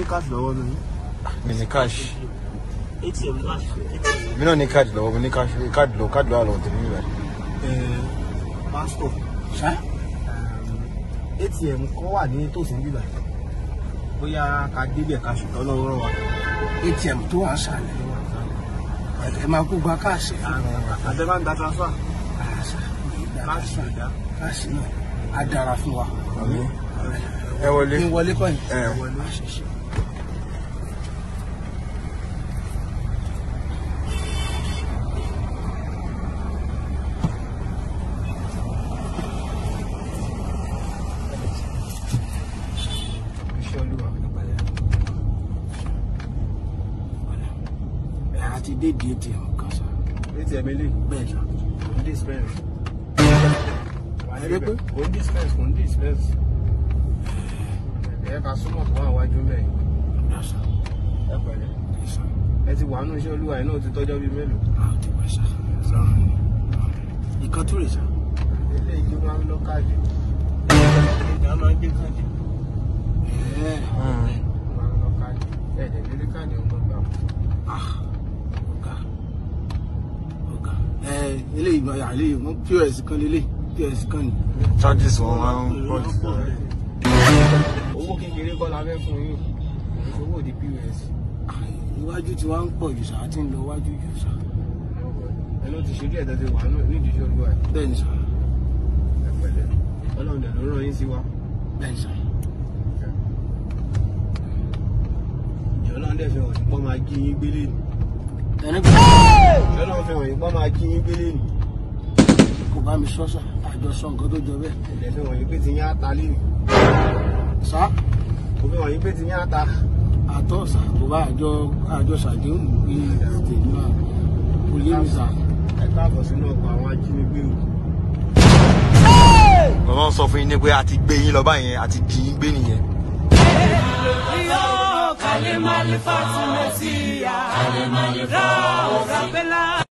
ní cash lọ́wọ́ ni. mi ní cash. atm cash. mi náà ní card lọ́wọ́ mi ní cash card lọ́wọ́ card lọ́wọ́ àlọ́ tèmi níbẹ̀. pásítọ̀ atm kọ́ wà ní tòsí níbẹ̀ bóyá ká débẹ̀ ká ṣùgbọ́n lọ́wọ́ rọ̀ wá. atm tó wà sàlẹ̀ ẹ máa kó gba káàsì. àtẹ máa ń da transfer. káàsì ìdá káàsì náà á dára fún wa. ẹ wọlé ẹ wọlé kọ́yìn. ẹ wọlé àṣìṣe. ti dé di atm kan sá. atm ilé. bẹ́ẹ̀ sá. kò ń dispense. wà á débẹ̀ kò ń dispense kò ń dispense. ẹ ká súnmọ́ tó wà wájú mẹ́ẹ̀. ẹ pẹ̀lẹ́. ẹ ti wà nù iṣẹ́ olúwa ẹ̀ ti tọ́jọ́ bíi mélòó. a ti wẹ̀ sá. ìkan tó rè sá. ilé ìjì máa ń lọ káàdì. ìjà máa ń gbé káàdì. ẹ̀ẹ́ máa ń lọ káàdì. ẹ̀ẹ́dẹ̀ lórí káàdì ọmọ gbà. Ah ọ̀gá ọ̀gá ẹ ilé ìgbà yà ilé ìwọ̀n pọ́s kan lélẹ̀ pọ́s kan ni. charges wọn máa ń pọ̀ jù. owó kékeré kọ́ la fẹ́ fún yín owó di pọ́s. iwájú tí wàá ń pọ̀ jù sáà tí ń lọ iwájú jù sáà. ẹ ló ti ṣe díẹ̀ tó ti wà ní ìdíjọ́ olúwa ẹ̀. bẹ́ẹ̀ni sà. ẹ pẹ̀lẹ́ ọlọ́run dẹ̀ ló rán yín sí wa. bẹ́ẹ̀ni sà. ìjọ náà dẹ̀ fi hàn pọ́ máa jí yín gbélé ni ṣọlá ń fẹ́ràn ìgbà máa kí yín gbélé nì. kò bá mi sọ àjọsọ nǹkan tó jọ bẹ́ẹ̀. ẹ̀dẹ̀ fẹ́ràn yín pé ti yín ata lé nì. sá. kò fẹ́ràn pé ti yín ata. àtọ́ sà bá àjọ àjọ sàdéhùn bí tèmi náà kò lé mi sà. ẹ káàbọ̀ sínú ọkọ̀ àwọn ajínigbé o. lọ́nà sọ fún yín ní pé a ti gbé yín lọ báyẹn a ti jí yín gbé nìyẹn. Kalemali Fatimasiya, Kalemali Rao Rabela.